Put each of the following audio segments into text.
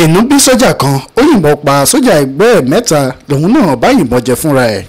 ẹ̀nú bí sójà kan ó yìnbọn pa sójà ẹgbẹ́ ẹ̀ mẹ́ta lòun náà bá yìnbọn jẹ fúnra ẹ̀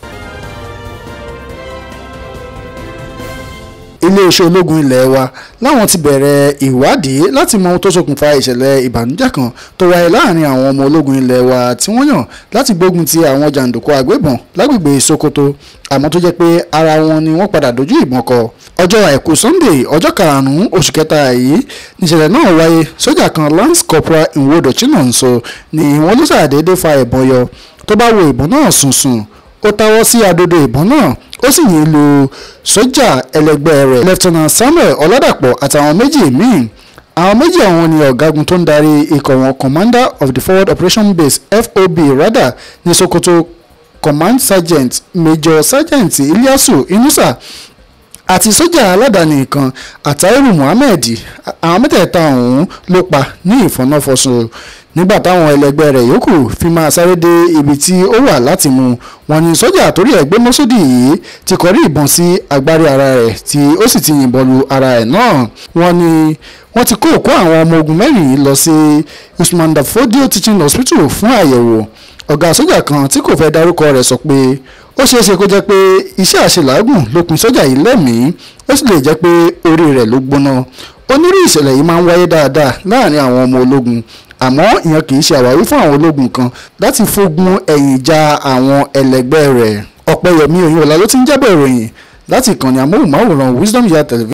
iléeṣẹ́ ológun ilẹ̀ wa láwọn ti bẹ̀rẹ̀ ìwádìí láti mọ ohun tó ṣokùnfà ìṣẹ̀lẹ̀ ìbànújẹ́ kan tó wáyé láàrin àwọn ọmọ ológun ilẹ̀ wa tí wọ́n yàn láti gbógun ti àwọn jàǹdùkú àgbébọn lágbègbè Sokoto àmọ́ tó jẹ́ pé ara wọn ni wọ́n padà dojú ìbọn kọ ọjọ́ àìkú Sunday ọjọ́ karùn-ún oṣù kẹta yìí níṣẹ̀lẹ̀ náà wáyé sójà kan lance corporal Nwodo Chinonso ni wọ́n ló ṣàdédé fa ìbọn yọ tó bá wo ìbọn náà sùn sùn ó táwọ́ sí adodo ìbọn náà ó sì yìn lu sójà ẹlẹgbẹ́ rẹ̀ Lieutenant Samuel Ọládàpọ̀ àtàwọn méjì míì àwọn méjì àwọn ni ọ̀gágun tó ń darí ikọ̀ wọn commander of the forward operation base FOB Rada ní Sokoto command sergeant major sergeant Ilyasu Inusa àti sójà aládàáni kan àtàírù Muhammed àwọn mẹ́tẹ̀ẹ̀ta ọ̀hún ló pa ní ìfọ̀nàfọ̀sùn nígbà táwọn ẹlẹgbẹ́ rẹ̀ yòókù fi máa sáré dé ibi tí ó wà láti mú wọn ni sójà torí ẹ̀ gbé mọ́sódì yìí ti kọrí ìbọn sí agbárí ara rẹ̀ tí ó sì ti yìnbọn lu ara ẹ̀ náà wọn ni wọ́n ti kó òkú àwọn ọmọ ogun mẹ́rin lọ sí Usman Dafodio Teaching Hospital fún àyẹ̀wò ọ̀gá sójà kan tí kò fẹ́ dárúkọ rẹ̀ sọ pé ó ṣeé ṣe kó jẹ́ pé iṣẹ́ àṣelàágùn ló pin sójà yìí lẹ́mìí ó sì lè jẹ́ pé orí rẹ̀ ló gbóná onírú ìṣẹ̀lẹ̀ yìí máa ń wáyé dáadáa láàrin àwọn ọmọ ológun àmọ́ ìyẹn kì í ṣe àwáwí fún àwọn ológun kan láti fogun ẹ̀yìn ja àwọn ẹlẹgbẹ́ rẹ̀ ọ̀pẹyẹmí oyinọ̀la ló ti ń jábọ̀ ìròyìn láti ìkànnì amóhùnmáwòrán wisdom yard television